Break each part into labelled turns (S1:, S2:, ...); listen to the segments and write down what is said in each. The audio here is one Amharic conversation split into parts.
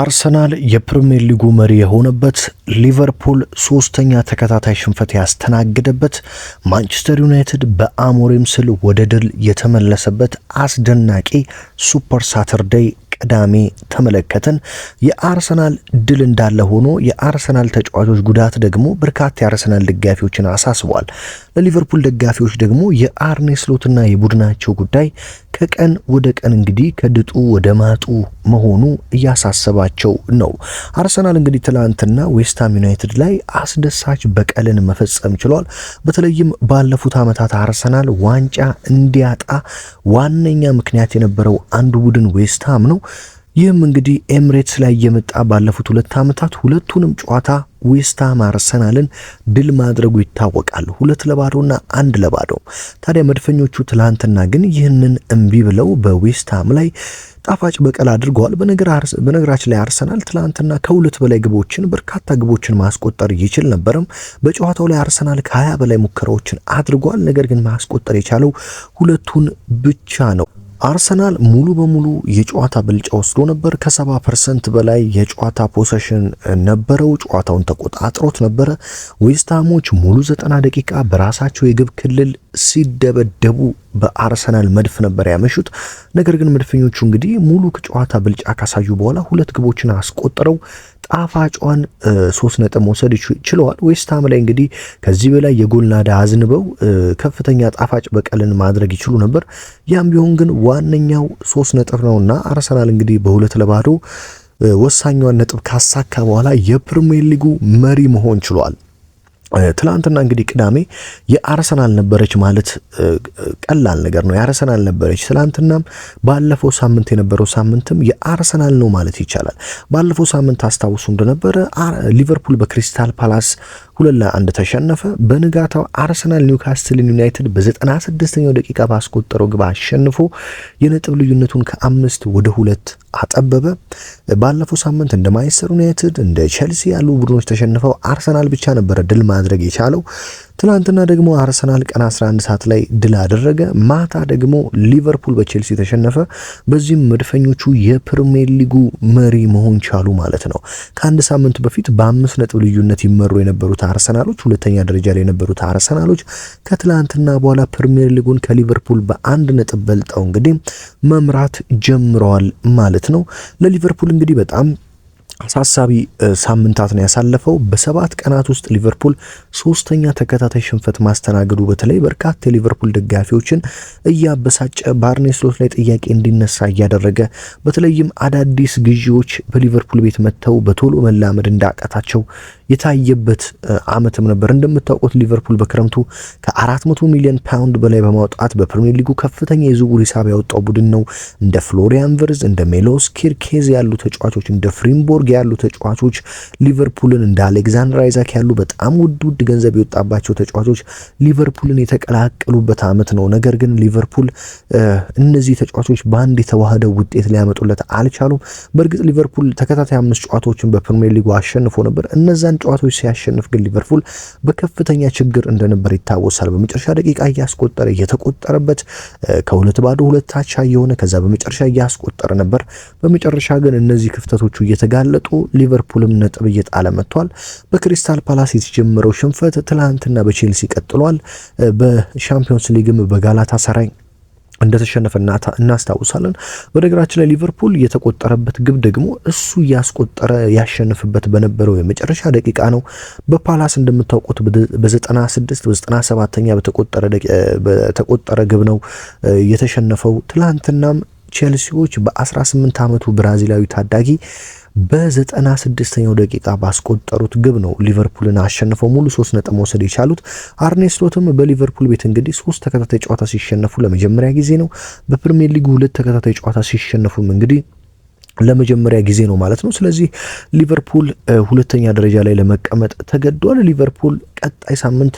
S1: አርሰናል የፕሪምየር ሊጉ መሪ የሆነበት፣ ሊቨርፑል ሶስተኛ ተከታታይ ሽንፈት ያስተናገደበት፣ ማንቸስተር ዩናይትድ በአሞሪም ስል ወደ ድል የተመለሰበት አስደናቂ ሱፐር ሳተርዴይ ቅዳሜ ተመለከትን። የአርሰናል ድል እንዳለ ሆኖ የአርሰናል ተጫዋቾች ጉዳት ደግሞ በርካታ የአርሰናል ደጋፊዎችን አሳስቧል። ለሊቨርፑል ደጋፊዎች ደግሞ የአርኔ ስሎትና የቡድናቸው ጉዳይ ከቀን ወደ ቀን እንግዲህ ከድጡ ወደ ማጡ መሆኑ እያሳሰባቸው ነው። አርሰናል እንግዲህ ትላንትና ዌስትሃም ዩናይትድ ላይ አስደሳች በቀልን መፈጸም ችሏል። በተለይም ባለፉት ዓመታት አርሰናል ዋንጫ እንዲያጣ ዋነኛ ምክንያት የነበረው አንዱ ቡድን ዌስትሃም ነው። ይህም እንግዲህ ኤምሬትስ ላይ የመጣ ባለፉት ሁለት ዓመታት ሁለቱንም ጨዋታ ዌስትሃም አርሰናልን ድል ማድረጉ ይታወቃል። ሁለት ለባዶና አንድ ለባዶ። ታዲያ መድፈኞቹ ትላንትና ግን ይህንን እምቢ ብለው በዌስትሃም ላይ ጣፋጭ በቀል አድርገዋል። በነገራችን ላይ አርሰናል ትላንትና ከሁለት በላይ ግቦችን በርካታ ግቦችን ማስቆጠር ይችል ነበርም። በጨዋታው ላይ አርሰናል ከሀያ በላይ ሙከራዎችን አድርጓል። ነገር ግን ማስቆጠር የቻለው ሁለቱን ብቻ ነው። አርሰናል ሙሉ በሙሉ የጨዋታ ብልጫ ወስዶ ነበር። ከ70 ፐርሰንት በላይ የጨዋታ ፖሰሽን ነበረው። ጨዋታውን ተቆጣጥሮት ነበረ። ዌስትሃሞች ሙሉ 90 ደቂቃ በራሳቸው የግብ ክልል ሲደበደቡ በአርሰናል መድፍ ነበር ያመሹት። ነገር ግን መድፈኞቹ እንግዲህ ሙሉ ከጨዋታ ብልጫ ካሳዩ በኋላ ሁለት ግቦችን አስቆጥረው ጣፋጯን ሶስት ነጥብ መውሰድ ችለዋል። ዌስትሃም ላይ እንግዲህ ከዚህ በላይ የጎልናዳ አዝንበው ከፍተኛ ጣፋጭ በቀልን ማድረግ ይችሉ ነበር። ያም ቢሆን ግን ዋነኛው ሶስት ነጥብ ነውና አርሰናል እንግዲህ በሁለት ለባዶ ወሳኛዋን ነጥብ ካሳካ በኋላ የፕሪሚየር ሊጉ መሪ መሆን ችሏል። ትላንትና እንግዲህ ቅዳሜ የአርሰናል ነበረች ማለት ቀላል ነገር ነው። የአርሰናል ነበረች ትላንትናም፣ ባለፈው ሳምንት የነበረው ሳምንትም የአርሰናል ነው ማለት ይቻላል። ባለፈው ሳምንት አስታውሱ እንደነበረ ሊቨርፑል በክሪስታል ፓላስ ሁለት ለአንድ ተሸነፈ። በንጋታው አርሰናል ኒውካስትልን ዩናይትድ በ96ኛው ደቂቃ ባስቆጠረው ግብ አሸንፎ የነጥብ ልዩነቱን ከአምስት ወደ ሁለት አጠበበ። ባለፈው ሳምንት እንደ ማንቸስተር ዩናይትድ እንደ ቼልሲ ያሉ ቡድኖች ተሸንፈው አርሰናል ብቻ ነበረ ድል ማድረግ የቻለው። ትናንትና ደግሞ አርሰናል ቀን 11 ሰዓት ላይ ድል አደረገ። ማታ ደግሞ ሊቨርፑል በቼልሲ ተሸነፈ። በዚህም መድፈኞቹ የፕሪሚየር ሊጉ መሪ መሆን ቻሉ ማለት ነው። ከአንድ ሳምንት በፊት በአምስት ነጥብ ልዩነት ይመሩ የነበሩት አርሰናሎች፣ ሁለተኛ ደረጃ ላይ የነበሩት አርሰናሎች ከትላንትና በኋላ ፕሪሚየር ሊጉን ከሊቨርፑል በአንድ ነጥብ በልጠው እንግዲህ መምራት ጀምረዋል ማለት ነው። ለሊቨርፑል እንግዲህ በጣም አሳሳቢ ነው ያሳለፈው በሰባት ቀናት ውስጥ ሊቨርፑል ሶስተኛ ተከታታይ ሽንፈት ማስተናገዱ በተለይ በርካታ የሊቨርፑል ደጋፊዎችን እያበሳጨ በአርኔ ስሎት ላይ ጥያቄ እንዲነሳ እያደረገ በተለይም አዳዲስ ግዢዎች በሊቨርፑል ቤት መጥተው በቶሎ መላመድ እንዳቃታቸው የታየበት ዓመትም ነበር። እንደምታውቁት ሊቨርፑል በክረምቱ ከ400 ሚሊዮን ፓውንድ በላይ በማውጣት በፕሪሚየር ሊጉ ከፍተኛ የዝውውር ሂሳብ ያወጣው ቡድን ነው። እንደ ፍሎሪያን ቨርዝ፣ እንደ ሜሎስ ኪርኬዝ ያሉ ተጫዋቾች እንደ ፍሪምቦርግ በዝቡርግ ያሉ ተጫዋቾች ሊቨርፑልን እንደ አሌክዛንደር አይዛክ ያሉ በጣም ውድ ውድ ገንዘብ የወጣባቸው ተጫዋቾች ሊቨርፑልን የተቀላቀሉበት አመት ነው። ነገር ግን ሊቨርፑል እነዚህ ተጫዋቾች በአንድ የተዋህደ ውጤት ሊያመጡለት አልቻሉም። በእርግጥ ሊቨርፑል ተከታታይ አምስት ጨዋታዎችን በፕሪሚየር ሊጉ አሸንፎ ነበር። እነዛን ጨዋታዎች ሲያሸንፍ ግን ሊቨርፑል በከፍተኛ ችግር እንደነበር ይታወሳል። በመጨረሻ ደቂቃ እያስቆጠረ እየተቆጠረበት ከሁለት ባዶ ሁለት አቻ የሆነ ከዛ በመጨረሻ እያስቆጠረ ነበር። በመጨረሻ ግን እነዚህ ክፍተቶቹ እየተጋለ ሲጋለጡ ሊቨርፑልም ነጥብ እየጣለ መጥቷል። በክሪስታል ፓላስ የተጀመረው ሽንፈት ትናንትና በቼልሲ ቀጥሏል። በሻምፒዮንስ ሊግም በጋላታ ሰራኝ እንደተሸነፈ እናስታውሳለን። በነገራችን ላይ ሊቨርፑል የተቆጠረበት ግብ ደግሞ እሱ እያስቆጠረ ያሸንፍበት በነበረው የመጨረሻ ደቂቃ ነው። በፓላስ እንደምታውቁት በ96 በ97ኛ በተቆጠረ ግብ ነው የተሸነፈው። ትላንትናም ቼልሲዎች በ18 ዓመቱ ብራዚላዊ ታዳጊ በ96ኛው ደቂቃ ባስቆጠሩት ግብ ነው ሊቨርፑልን አሸንፈው ሙሉ ሶስት ነጥብ መውሰድ የቻሉት። አርኔ ስሎትም በሊቨርፑል ቤት እንግዲህ ሶስት ተከታታይ ጨዋታ ሲሸነፉ ለመጀመሪያ ጊዜ ነው። በፕሪሚየር ሊግ ሁለት ተከታታይ ጨዋታ ሲሸነፉም እንግዲህ ለመጀመሪያ ጊዜ ነው ማለት ነው። ስለዚህ ሊቨርፑል ሁለተኛ ደረጃ ላይ ለመቀመጥ ተገዷል። ሊቨርፑል ቀጣይ ሳምንት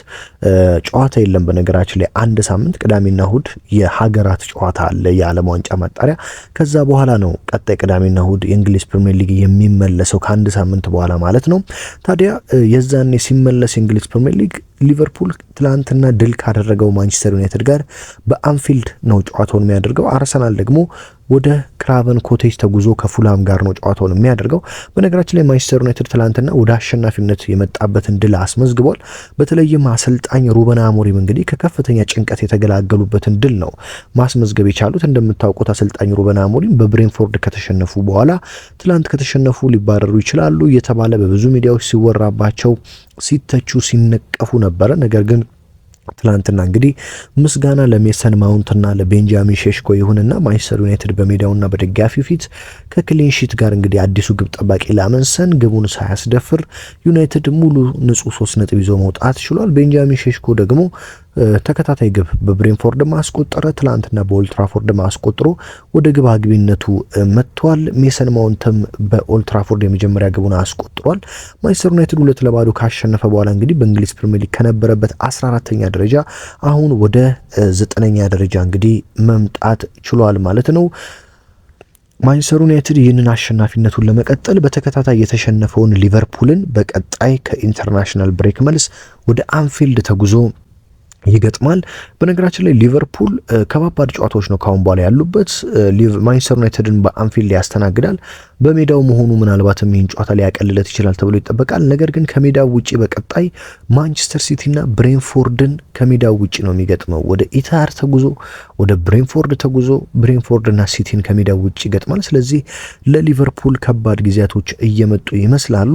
S1: ጨዋታ የለም። በነገራችን ላይ አንድ ሳምንት ቅዳሜና እሁድ የሀገራት ጨዋታ አለ፣ የዓለም ዋንጫ ማጣሪያ። ከዛ በኋላ ነው ቀጣይ ቅዳሜና እሁድ የእንግሊዝ ፕሪሚየር ሊግ የሚመለሰው ከአንድ ሳምንት በኋላ ማለት ነው። ታዲያ የዛኔ ሲመለስ የእንግሊዝ ፕሪሚየር ሊግ ሊቨርፑል ትላንትና ድል ካደረገው ማንቸስተር ዩናይትድ ጋር በአንፊልድ ነው ጨዋታውን የሚያደርገው። አርሰናል ደግሞ ወደ ክራቨን ኮቴጅ ተጉዞ ከፉላም ጋር ነው ጨዋታውን የሚያደርገው። በነገራችን ላይ ማንቸስተር ዩናይትድ ትላንትና ወደ አሸናፊነት የመጣበትን ድል አስመዝግቧል። በተለይም አሰልጣኝ ሩበን አሞሪም እንግዲህ ከከፍተኛ ጭንቀት የተገላገሉበትን ድል ነው ማስመዝገብ የቻሉት። እንደምታውቁት አሰልጣኝ ሩበን አሞሪም በብሬንፎርድ ከተሸነፉ በኋላ ትላንት ከተሸነፉ ሊባረሩ ይችላሉ እየተባለ በብዙ ሚዲያዎች ሲወራባቸው፣ ሲተቹ፣ ሲነቀፉ ነበረ ነገር ግን ትላንትና እንግዲህ ምስጋና ለሜሰን ማውንትና ለቤንጃሚን ሼሽኮ ይሁንና ማንቸስተር ዩናይትድ በሜዳውና በደጋፊው ፊት ከክሊንሺት ጋር እንግዲህ አዲሱ ግብ ጠባቂ ላመንሰን ግቡን ሳያስደፍር ዩናይትድ ሙሉ ንጹህ ሶስት ነጥብ ይዞ መውጣት ችሏል። ቤንጃሚን ሼሽኮ ደግሞ ተከታታይ ግብ በብሬንፎርድ ማስቆጠረ፣ ትላንትና በኦልትራፎርድ ማስቆጥሮ ወደ ግብ አግቢነቱ መጥቷል። ሜሰን ማውንትም በኦልትራፎርድ የመጀመሪያ ግቡን አስቆጥሯል። ማንቸስተር ዩናይትድ ሁለት ለባዶ ካሸነፈ በኋላ እንግዲህ በእንግሊዝ ፕሪሚየር ሊግ ከነበረበት 14ተኛ ደረጃ አሁን ወደ ዘጠነኛ ደረጃ እንግዲህ መምጣት ችሏል ማለት ነው። ማንቸስተር ዩናይትድ ይህንን አሸናፊነቱን ለመቀጠል በተከታታይ የተሸነፈውን ሊቨርፑልን በቀጣይ ከኢንተርናሽናል ብሬክ መልስ ወደ አንፊልድ ተጉዞ ይገጥማል። በነገራችን ላይ ሊቨርፑል ከባባድ ጨዋታዎች ነው ካሁን በኋላ ያሉበት። ማንቸስተር ዩናይትድን በአንፊልድ ያስተናግዳል። በሜዳው መሆኑ ምናልባትም ይህን ጨዋታ ሊያቀልለት ይችላል ተብሎ ይጠበቃል። ነገር ግን ከሜዳው ውጪ በቀጣይ ማንቸስተር ሲቲና ብሬንፎርድን ከሜዳው ውጪ ነው የሚገጥመው። ወደ ኢታር ተጉዞ ወደ ብሬንፎርድ ተጉዞ ብሬንፎርድና ሲቲን ከሜዳው ውጪ ይገጥማል። ስለዚህ ለሊቨርፑል ከባድ ጊዜያቶች እየመጡ ይመስላሉ።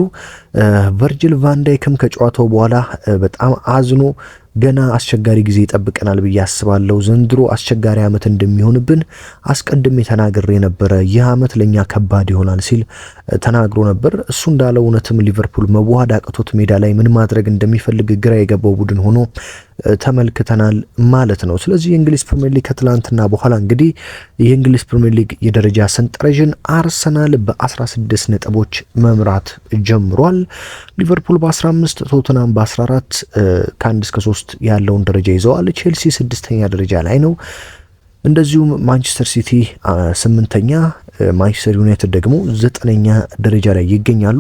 S1: ቨርጅል ቫንዳይክም ከጨዋታው በኋላ በጣም አዝኖ ገና አስቸጋሪ ጊዜ ይጠብቀናል ብዬ አስባለሁ። ዘንድሮ አስቸጋሪ ዓመት እንደሚሆንብን አስቀድሜ ተናግሬ የነበረ ይህ ዓመት ለእኛ ከባድ ይሆናል ይሆናል ሲል ተናግሮ ነበር። እሱ እንዳለ እውነትም ሊቨርፑል መዋሃድ አቅቶት ሜዳ ላይ ምን ማድረግ እንደሚፈልግ ግራ የገባው ቡድን ሆኖ ተመልክተናል ማለት ነው። ስለዚህ የእንግሊዝ ፕሪምየር ሊግ ከትላንትና በኋላ እንግዲህ የእንግሊዝ ፕሪምየር ሊግ የደረጃ ሰንጠረዥን አርሰናል በ16 ነጥቦች መምራት ጀምሯል። ሊቨርፑል በ15 ቶትናም በ14 ከአንድ እስከ ሶስት ያለውን ደረጃ ይዘዋል። ቼልሲ ስድስተኛ ደረጃ ላይ ነው። እንደዚሁም ማንቸስተር ሲቲ ስምንተኛ፣ ማንቸስተር ዩናይትድ ደግሞ ዘጠነኛ ደረጃ ላይ ይገኛሉ።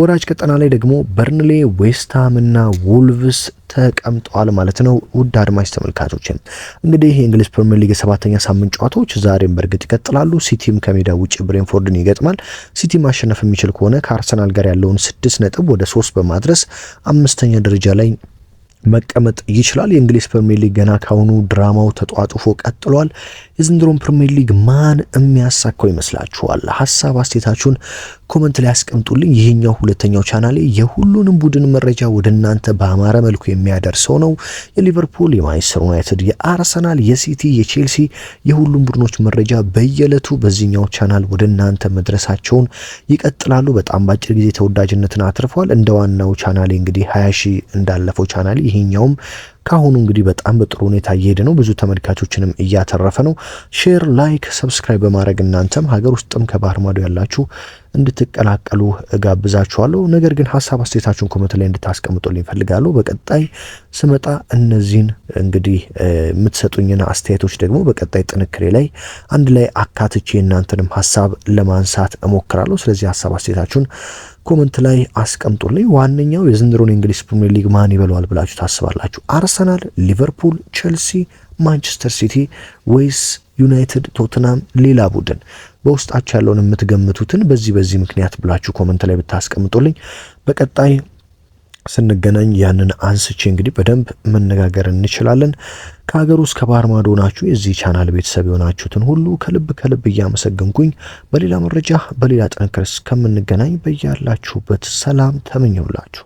S1: ወራጅ ቀጠና ላይ ደግሞ በርንሌ፣ ዌስትሃም እና ውልቭስ ተቀምጠዋል ማለት ነው። ውድ አድማጭ ተመልካቾችም እንግዲህ የእንግሊዝ ፕሪምየር ሊግ የሰባተኛ ሳምንት ጨዋታዎች ዛሬም በእርግጥ ይቀጥላሉ። ሲቲም ከሜዳ ውጭ ብሬንፎርድን ይገጥማል። ሲቲ ማሸነፍ የሚችል ከሆነ ከአርሰናል ጋር ያለውን ስድስት ነጥብ ወደ ሶስት በማድረስ አምስተኛ ደረጃ ላይ መቀመጥ ይችላል። የእንግሊዝ ፕሪሚየር ሊግ ገና ካሁኑ ድራማው ተጧጡፎ ቀጥሏል። የዘንድሮን ፕሪሚየር ሊግ ማን የሚያሳካው ይመስላችኋል? ሀሳብ አስቴታችሁን ኮመንት ላይ አስቀምጡልኝ። ይህኛው ሁለተኛው ቻናሌ የሁሉንም ቡድን መረጃ ወደ እናንተ በአማረ መልኩ የሚያደርሰው ነው። የሊቨርፑል፣ የማንቸስተር ዩናይትድ፣ የአርሰናል፣ የሲቲ፣ የቼልሲ የሁሉም ቡድኖች መረጃ በየዕለቱ በዚህኛው ቻናል ወደ እናንተ መድረሳቸውን ይቀጥላሉ። በጣም በአጭር ጊዜ ተወዳጅነትን አትርፏል። እንደ ዋናው ቻናሌ እንግዲህ ሀያ ሺህ እንዳለፈው ቻናሌ ይሄኛውም ከአሁኑ እንግዲህ በጣም በጥሩ ሁኔታ እየሄደ ነው። ብዙ ተመልካቾችንም እያተረፈ ነው። ሼር፣ ላይክ፣ ሰብስክራይብ በማድረግ እናንተም ሀገር ውስጥም ከባህር ማዶ ያላችሁ እንድትቀላቀሉ እጋብዛችኋለሁ። ነገር ግን ሀሳብ አስተያየታችሁን ኮመንት ላይ እንድታስቀምጡልኝ እፈልጋለሁ። በቀጣይ ስመጣ እነዚህን እንግዲህ የምትሰጡኝን አስተያየቶች ደግሞ በቀጣይ ጥንክሬ ላይ አንድ ላይ አካትቼ እናንተንም ሀሳብ ለማንሳት እሞክራለሁ። ስለዚህ ሀሳብ አስተያየታችሁን ኮመንት ላይ አስቀምጡልኝ። ዋነኛው የዘንድሮን የእንግሊዝ ፕሪሚየር ሊግ ማን ይበለዋል ብላችሁ ታስባላችሁ? አርሰናል፣ ሊቨርፑል፣ ቼልሲ፣ ማንቸስተር ሲቲ ወይስ ዩናይትድ፣ ቶትናም፣ ሌላ ቡድን በውስጣቸው ያለውን የምትገምቱትን በዚህ በዚህ ምክንያት ብላችሁ ኮመንት ላይ ብታስቀምጡልኝ በቀጣይ ስንገናኝ ያንን አንስቼ እንግዲህ በደንብ መነጋገር እንችላለን። ከሀገር ውስጥ ከባህር ማዶ ናችሁ የዚህ ቻናል ቤተሰብ የሆናችሁትን ሁሉ ከልብ ከልብ እያመሰገንኩኝ በሌላ መረጃ በሌላ ጥንክር እስከምንገናኝ በያላችሁበት ሰላም ተመኘውላችሁ።